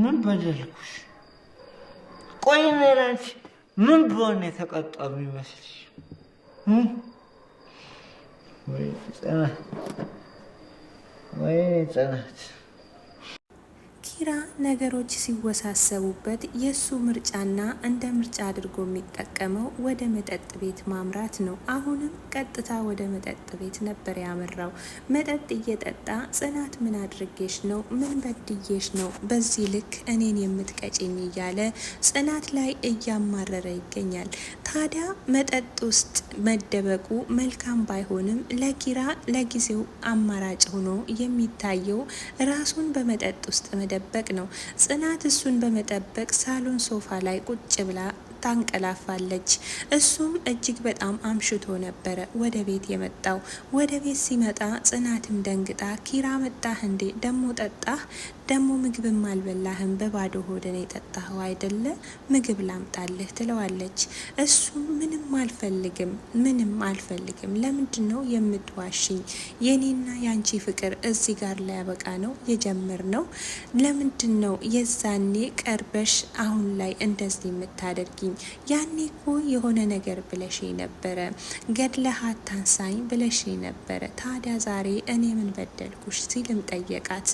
მუნ ბადალკუშ კოინერანჩ მუნ ბონე საკატო მიმასში მუ ვეი წანა ვეი წანა ኪራ ነገሮች ሲወሳሰቡበት የእሱ ምርጫና እንደ ምርጫ አድርጎ የሚጠቀመው ወደ መጠጥ ቤት ማምራት ነው። አሁንም ቀጥታ ወደ መጠጥ ቤት ነበር ያመራው። መጠጥ እየጠጣ ጽናት ምን አድርጌሽ ነው? ምን በድዬሽ ነው? በዚህ ልክ እኔን የምትቀጭኝ እያለ ጽናት ላይ እያማረረ ይገኛል። ታዲያ መጠጥ ውስጥ መደበቁ መልካም ባይሆንም ለኪራ ለጊዜው አማራጭ ሆኖ የሚታየው ራሱን በመጠጥ ውስጥ መደበቅ በመጠበቅ ነው። ጽናት እሱን በመጠበቅ ሳሎን ሶፋ ላይ ቁጭ ብላ ታንቀላፋለች። እሱም እጅግ በጣም አምሽቶ ነበረ ወደ ቤት የመጣው። ወደ ቤት ሲመጣ ጽናትም ደንግጣ ኪራ መጣህ እንዴ? ደሞ ጠጣህ ደግሞ ምግብም አልበላህም በባዶ ሆድን የጠጣኸው አይደለ? ምግብ ላምጣልህ ትለዋለች። እሱ ምንም አልፈልግም፣ ምንም አልፈልግም። ለምንድን ነው የምትዋሽኝ? የኔና የአንቺ ፍቅር እዚህ ጋር ላያበቃ ነው የጀምር ነው። ለምንድን ነው የዛኔ ቀርበሽ አሁን ላይ እንደዚህ የምታደርጊኝ? ያኔ እኮ የሆነ ነገር ብለሽ ነበረ፣ ገድለህ አታንሳኝ ብለሽ ነበረ። ታዲያ ዛሬ እኔ ምን በደልኩሽ? ሲልም ጠየቃት።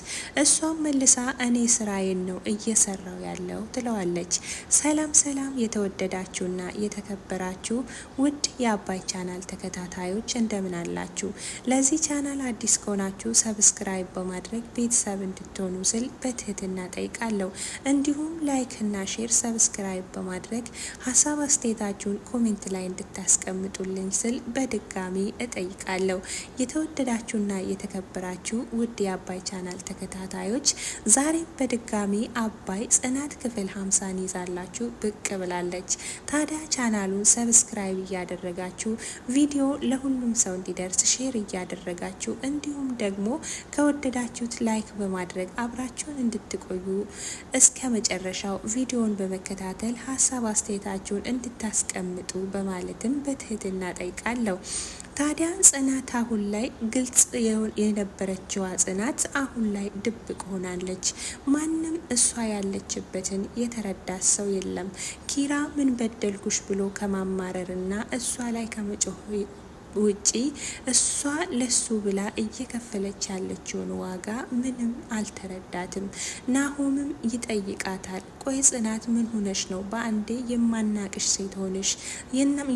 እሷም መልስ መልሳ እኔ ስራዬን ነው እየሰራው ያለው ትለዋለች። ሰላም ሰላም! የተወደዳችሁና የተከበራችሁ ውድ የአባይ ቻናል ተከታታዮች እንደምን አላችሁ? ለዚህ ቻናል አዲስ ከሆናችሁ ሰብስክራይብ በማድረግ ቤተሰብ እንድትሆኑ ስል በትህትና ጠይቃለሁ። እንዲሁም ላይክና ሼር፣ ሰብስክራይብ በማድረግ ሀሳብ አስተያየታችሁን ኮሜንት ላይ እንድታስቀምጡልኝ ስል በድጋሚ እጠይቃለሁ። የተወደዳችሁና የተከበራችሁ ውድ የአባይ ቻናል ተከታታዮች ዛሬ በድጋሚ አባይ ጽናት ክፍል ሀምሳን ይዛላችሁ ብቅ ብላለች። ታዲያ ቻናሉን ሰብስክራይብ እያደረጋችሁ ቪዲዮ ለሁሉም ሰው እንዲደርስ ሼር እያደረጋችሁ እንዲሁም ደግሞ ከወደዳችሁት ላይክ በማድረግ አብራችሁን እንድትቆዩ እስከ መጨረሻው ቪዲዮን በመከታተል ሀሳብ አስተያየታችሁን እንድታስቀምጡ በማለትም በትህትና ጠይቃለሁ። ታዲያ ጽናት አሁን ላይ ግልጽ የነበረችዋ ጽናት አሁን ላይ ድብቅ ሆናለች። ማንም እሷ ያለችበትን የተረዳ ሰው የለም። ኪራ ምን በደልኩሽ ብሎ ከማማረርና እሷ ላይ ከመጮህ ውጪ እሷ ለሱ ብላ እየከፈለች ያለችውን ዋጋ ምንም አልተረዳትም። ናሆምም ይጠይቃታል። ቆይ ጽናት ምን ሆነሽ ነው በአንዴ የማናቅሽ ሴት ሆነሽ?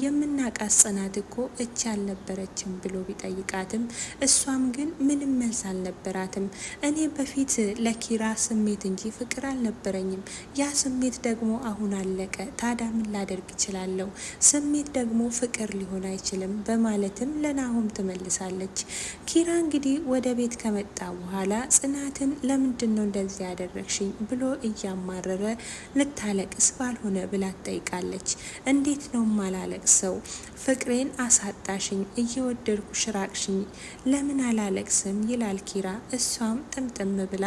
የምናቃት ጽናት እኮ እች አልነበረችም ብሎ ቢጠይቃትም እሷም ግን ምንም መልስ አልነበራትም። እኔ በፊት ለኪራ ስሜት እንጂ ፍቅር አልነበረኝም። ያ ስሜት ደግሞ አሁን አለቀ። ታዳ ምን ላደርግ እችላለሁ? ስሜት ደግሞ ፍቅር ሊሆን አይችልም በማለት በማለትም ለናሆም ትመልሳለች። ኪራ እንግዲህ ወደ ቤት ከመጣ በኋላ ጽናትን ለምንድን ነው እንደዚህ ያደረግሽኝ ብሎ እያማረረ ልታለቅስ ባልሆነ ብላ ትጠይቃለች። እንዴት ነው ማላለቅሰው? ፍቅሬን አሳጣሽኝ፣ እየወደድኩ ሽራቅሽኝ ለምን አላለቅስም ይላል ኪራ። እሷም ጥምጥም ብላ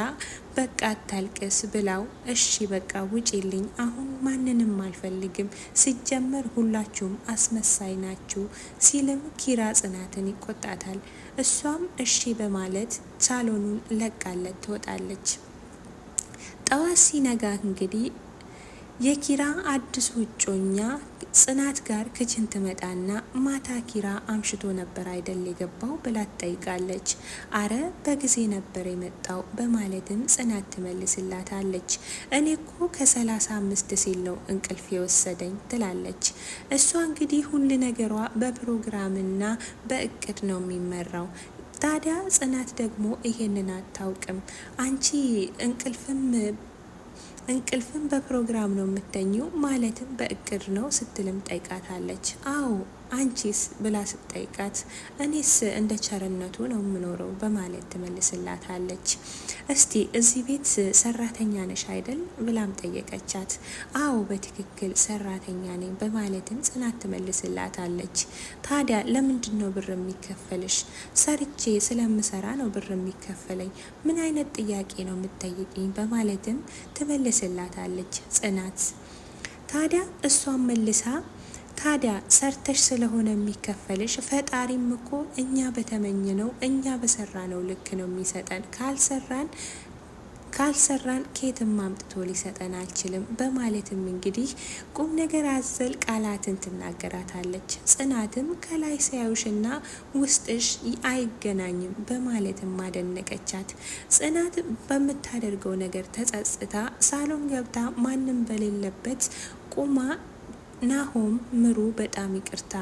በቃ አታልቅስ ብላው እሺ በቃ ውጪልኝ፣ አሁን ማንንም አልፈልግም፣ ሲጀመር ሁላችሁም አስመሳይ ናችሁ ሲልም ኪራ ጽናትን ይቆጣታል። እሷም እሺ በማለት ሳሎኑን ለቃለት ትወጣለች። ጠዋት ሲነጋ እንግዲህ የኪራ አዲስ ውጮኛ ጽናት ጋር ክችን ትመጣና ማታ ኪራ አምሽቶ ነበር አይደል የገባው ብላ ትጠይቃለች። አረ በጊዜ ነበር የመጣው በማለትም ጽናት ትመልስላታለች። እኔ እኮ ከሰላሳ አምስት ሲል ነው እንቅልፍ የወሰደኝ ትላለች። እሷ እንግዲህ ሁሉ ነገሯ በፕሮግራምና በእቅድ ነው የሚመራው። ታዲያ ጽናት ደግሞ ይሄንን አታውቅም። አንቺ እንቅልፍም እንቅልፍን በፕሮግራም ነው የምተኘው ማለትም በእቅድ ነው ስትልም ጠይቃታለች። አዎ አንቺስ ብላ ስትጠይቃት እኔስ እንደ ቸርነቱ ነው የምኖረው በማለት ትመልስላታለች። እስቲ እዚህ ቤት ሰራተኛ ነሽ አይደል ብላም ጠየቀቻት። አዎ በትክክል ሰራተኛ ነኝ በማለትም ጽናት ትመልስላታለች። ታዲያ ለምንድን ነው ብር የሚከፈልሽ? ሰርቼ ስለምሰራ ነው ብር የሚከፈለኝ። ምን አይነት ጥያቄ ነው የምትጠይቅኝ? በማለትም ትመልስ ትመልስላታለች ጽናት። ታዲያ እሷን መልሳ ታዲያ ሰርተሽ ስለሆነ የሚከፈልሽ ፈጣሪም እኮ እኛ በተመኘ ነው እኛ በሰራ ነው ልክ ነው የሚሰጠን ካልሰራን ካልሰራን ከየትም አምጥቶ ሊሰጠን አልችልም በማለትም እንግዲህ ቁም ነገር አዘል ቃላትን ትናገራታለች። ጽናትም ከላይ ሳያዩሽና ውስጥሽ አይገናኝም በማለትም አደነቀቻት። ጽናት በምታደርገው ነገር ተጸጽታ ሳሎን ገብታ ማንም በሌለበት ቁማ ናሆም ምሩ በጣም ይቅርታ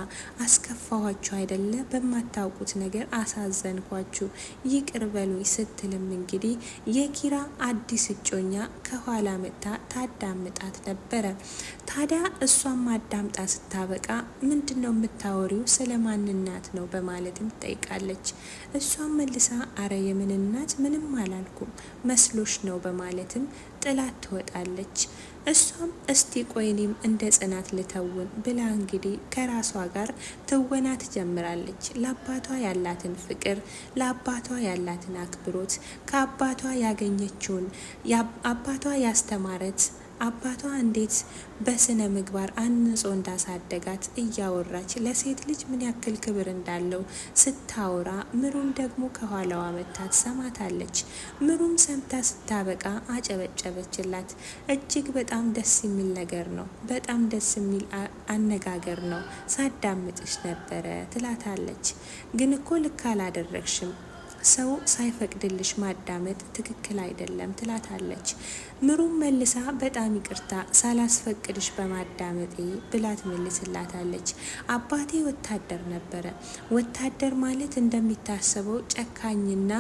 አስከፋኋችሁ አይደለ? በማታውቁት ነገር አሳዘንኳችሁ ይቅር በሉኝ ስትልም እንግዲህ የኪራ አዲስ እጮኛ ከኋላ መጥታ ታዳምጣት ነበረ። ታዲያ እሷም አዳምጣ ስታበቃ ምንድን ነው የምታወሪው? ስለ ማንናት ነው በማለትም ትጠይቃለች። እሷም መልሳ አረ የምንናት ምንም አላልኩም መስሎሽ ነው በማለትም ጥላት ትወጣለች። እሷም እስቲ ቆይኔም እንደ ጽናት ልተውን ብላ እንግዲህ ከራሷ ጋር ትወና ትጀምራለች። ለአባቷ ያላትን ፍቅር፣ ለአባቷ ያላትን አክብሮት፣ ከአባቷ ያገኘችውን አባቷ ያስተማረት አባቷ እንዴት በስነ ምግባር አንጾ እንዳሳደጋት እያወራች ለሴት ልጅ ምን ያክል ክብር እንዳለው ስታወራ ምሩም ደግሞ ከኋላዋ መታት ሰማታለች። ምሩም ሰምታ ስታበቃ አጨበጨበችላት። እጅግ በጣም ደስ የሚል ነገር ነው፣ በጣም ደስ የሚል አነጋገር ነው፣ ሳዳምጥሽ ነበረ ትላታለች። ግን እኮ ልክ አላደረግሽም ሰው ሳይፈቅድልሽ ማዳመጥ ትክክል አይደለም ትላታለች። ምሩም መልሳ በጣም ይቅርታ ሳላስፈቅድሽ በማዳመጤ ብላ ትመልስላታለች። አባቴ ወታደር ነበረ። ወታደር ማለት እንደሚታሰበው ጨካኝና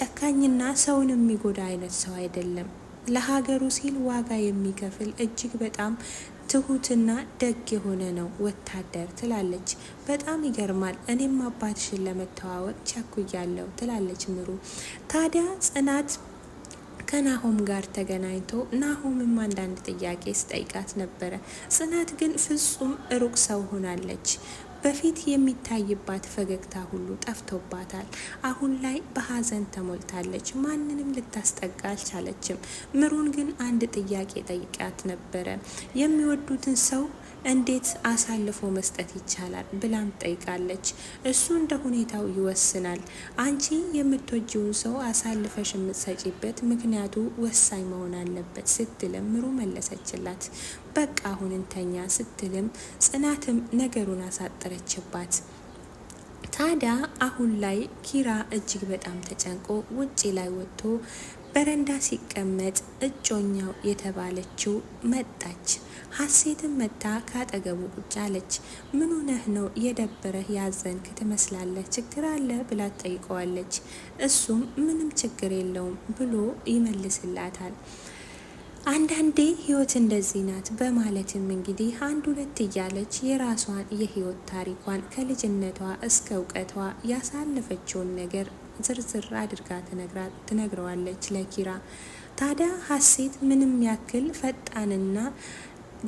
ጨካኝና ሰውን የሚጎዳ አይነት ሰው አይደለም። ለሀገሩ ሲል ዋጋ የሚከፍል እጅግ በጣም ትሁትና ደግ የሆነ ነው ወታደር ትላለች። በጣም ይገርማል። እኔም አባትሽን ለመተዋወቅ ቸኩያለሁ ትላለች ምሩ። ታዲያ ጽናት ከናሆም ጋር ተገናኝቶ ናሆምም አንዳንድ ጥያቄ ስጠይቃት ነበረ። ጽናት ግን ፍጹም ሩቅ ሰው ሆናለች። በፊት የሚታይባት ፈገግታ ሁሉ ጠፍቶባታል። አሁን ላይ በሀዘን ተሞልታለች። ማንንም ልታስጠጋ አልቻለችም። ምሩን ግን አንድ ጥያቄ ጠይቃት ነበረ የሚወዱትን ሰው እንዴት አሳልፎ መስጠት ይቻላል ብላም ጠይቃለች። እሱ እንደ ሁኔታው ይወስናል። አንቺ የምትወጂውን ሰው አሳልፈሽ የምትሰጪበት ምክንያቱ ወሳኝ መሆን አለበት ስትልም ምሩ መለሰችላት። በቃ አሁን እንተኛ ስትልም ጽናትም ነገሩን አሳጠረችባት። ታዲያ አሁን ላይ ኪራ እጅግ በጣም ተጨንቆ ውጪ ላይ ወጥቶ በረንዳ ሲቀመጥ እጮኛው የተባለችው መጣች። ሀሴትን መታ ካጠገቡ ቁጭ አለች። ምን ሆነህ ነው የደበረህ ያዘንክ ትመስላለህ፣ ችግር አለ ብላ ትጠይቀዋለች። እሱም ምንም ችግር የለውም ብሎ ይመልስላታል። አንዳንዴ ህይወት እንደዚህ ናት በማለትም እንግዲህ አንድ ሁለት እያለች የራሷን የህይወት ታሪኳን ከልጅነቷ እስከ እውቀቷ ያሳለፈችውን ነገር ዝርዝር አድርጋ ትነግረዋለች ለኪራ። ታዲያ ሀሴት ምንም ያክል ፈጣንና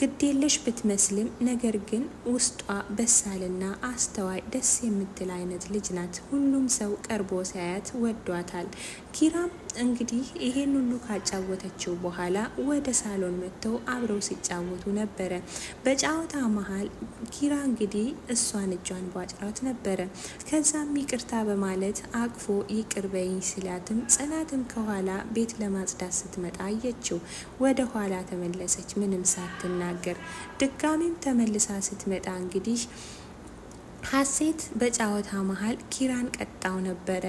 ግዴለሽ ብትመስልም ነገር ግን ውስጧ በሳልና አስተዋይ ደስ የምትል አይነት ልጅ ናት። ሁሉም ሰው ቀርቦ ሳያት ወዷታል። ኪራም እንግዲህ ይሄን ሁሉ ካጫወተችው በኋላ ወደ ሳሎን መጥተው አብረው ሲጫወቱ ነበረ። በጨዋታ መሀል ኪራ እንግዲህ እሷን እጇን ቧጭራት ነበረ። ከዛም ይቅርታ በማለት አቅፎ ይቅር በይኝ ስላትም ጽናትም ከኋላ ቤት ለማጽዳት ስትመጣ አየችው። ወደ ኋላ ተመለሰች ምንም ሳትናገር። ድጋሚም ተመልሳ ስትመጣ እንግዲህ ሀሴት በጨዋታ መሀል ኪራን ቀጣው ነበረ።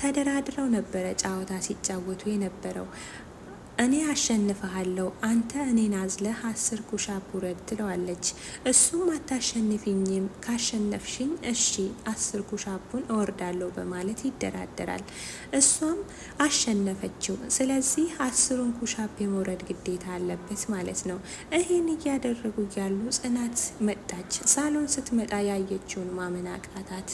ተደራድረው ነበረ ጨዋታ ሲጫወቱ የነበረው እኔ አሸንፈሃለሁ አንተ እኔን አዝለህ አስር ኩሻፕ ውረድ ትለዋለች። እሱም አታሸንፊኝም፣ ካሸነፍሽኝ እሺ አስር ኩሻፑን እወርዳለሁ በማለት ይደራደራል። እሷም አሸነፈችው። ስለዚህ አስሩን ኩሻፕ የመውረድ ግዴታ አለበት ማለት ነው። ይህን እያደረጉ እያሉ ጽናት መጣች። ሳሎን ስትመጣ ያየችውን ማመን አቃታት።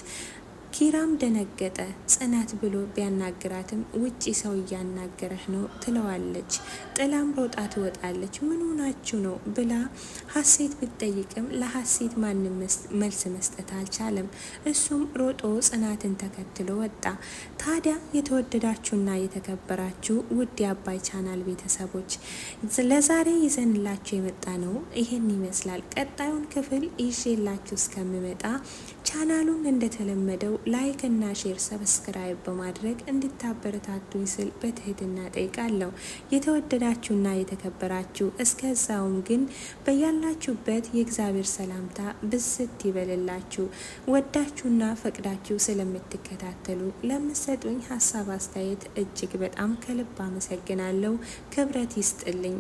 ኪራም ደነገጠ። ጽናት ብሎ ቢያናግራትም ውጪ ሰው እያናገረህ ነው ትለዋለች። ጥላም ሮጣ ትወጣለች። ምን ሆናችሁ ነው ብላ ሀሴት ብትጠይቅም ለሀሴት ማንም መልስ መስጠት አልቻለም። እሱም ሮጦ ጽናትን ተከትሎ ወጣ። ታዲያ የተወደዳችሁና የተከበራችሁ ውድ የአባይ ቻናል ቤተሰቦች ለዛሬ ይዘንላችሁ የመጣ ነው ይህን ይመስላል። ቀጣዩን ክፍል ይዤላችሁ እስከምመጣ ቻናሉን እንደተለመደው ላይክ እና ሼር ሰብስክራይብ በማድረግ እንድታበረታቱኝ ስል በትህትና ጠይቃለሁ። የተወደዳችሁና የተከበራችሁ እስከዛውም ግን በያላችሁበት የእግዚአብሔር ሰላምታ ብስት ይበልላችሁ። ወዳችሁና ፈቅዳችሁ ስለምትከታተሉ ለምሰጡኝ ሀሳብ አስተያየት እጅግ በጣም ከልብ አመሰግናለሁ። ክብረት ይስጥልኝ።